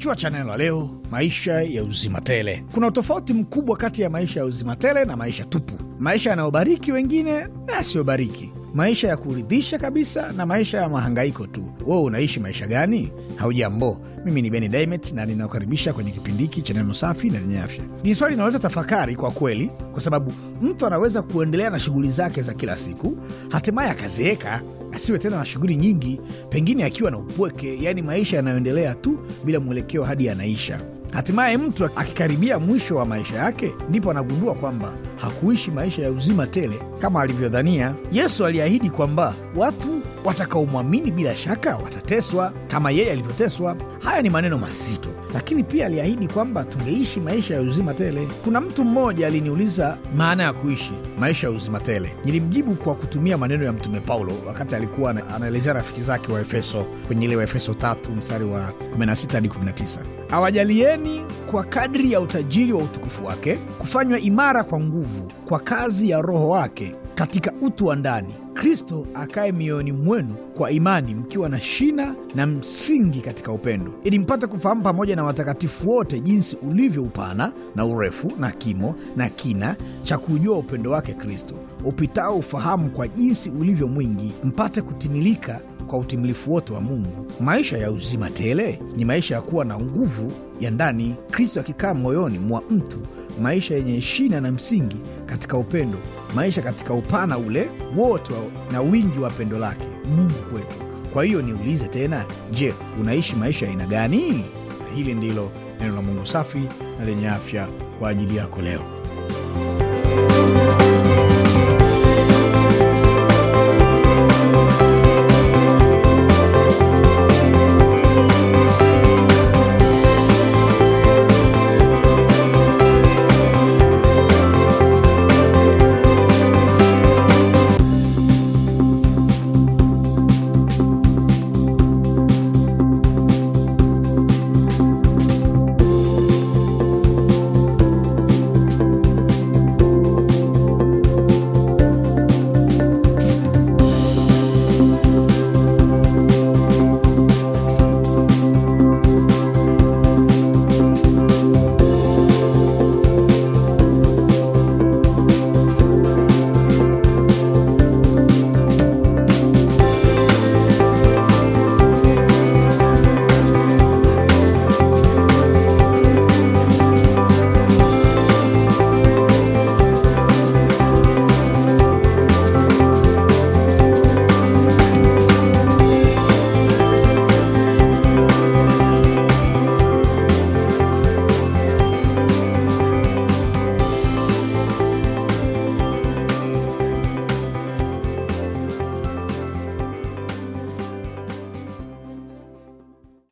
Kichwa cha neno la leo, maisha ya uzima tele. Kuna utofauti mkubwa kati ya maisha ya uzima tele na maisha tupu, maisha yanayobariki wengine na yasiyobariki, maisha ya kuridhisha kabisa na maisha ya mahangaiko tu. Wewe unaishi maisha gani? Haujambo, mimi ni Beni Dimet na ninakukaribisha kwenye kipindi hiki cha neno safi na lenye afya. Ni swali linaloleta tafakari kwa kweli, kwa sababu mtu anaweza kuendelea na shughuli zake za kila siku, hatimaye akazeeka asiwe tena na shughuli nyingi, pengine akiwa na upweke, yaani maisha yanayoendelea tu bila mwelekeo hadi anaisha. Hatimaye mtu akikaribia mwisho wa maisha yake, ndipo anagundua kwamba hakuishi maisha ya uzima tele kama alivyodhania. Yesu aliahidi kwamba watu Watakaomwamini bila shaka watateswa kama yeye alivyoteswa. Haya ni maneno mazito, lakini pia aliahidi kwamba tungeishi maisha ya uzima tele. Kuna mtu mmoja aliniuliza maana ya kuishi maisha ya uzima tele. Nilimjibu kwa kutumia maneno ya Mtume Paulo wakati alikuwa anaelezea rafiki zake wa Efeso kwenye ile Waefeso 3 mstari wa 16 hadi 19: awajalieni kwa kadri ya utajiri wa utukufu wake kufanywa imara kwa nguvu kwa kazi ya Roho wake katika utu wa ndani Kristo akaye mioyoni mwenu kwa imani, mkiwa na shina na msingi katika upendo, ili mpate kufahamu pamoja na watakatifu wote jinsi ulivyo upana na urefu na kimo na kina cha kujua upendo wake Kristo upitao ufahamu, kwa jinsi ulivyo mwingi, mpate kutimilika kwa utimilifu wote wa Mungu. Maisha ya uzima tele ni maisha ya kuwa na nguvu ya ndani, Kristo akikaa moyoni mwa mtu, maisha yenye shina na msingi katika upendo, maisha katika upana ule wote na wingi wa pendo lake Mungu kwetu. Kwa hiyo niulize tena, je, unaishi maisha ya aina gani? Na hili ndilo neno la Mungu safi na lenye afya kwa ajili yako leo.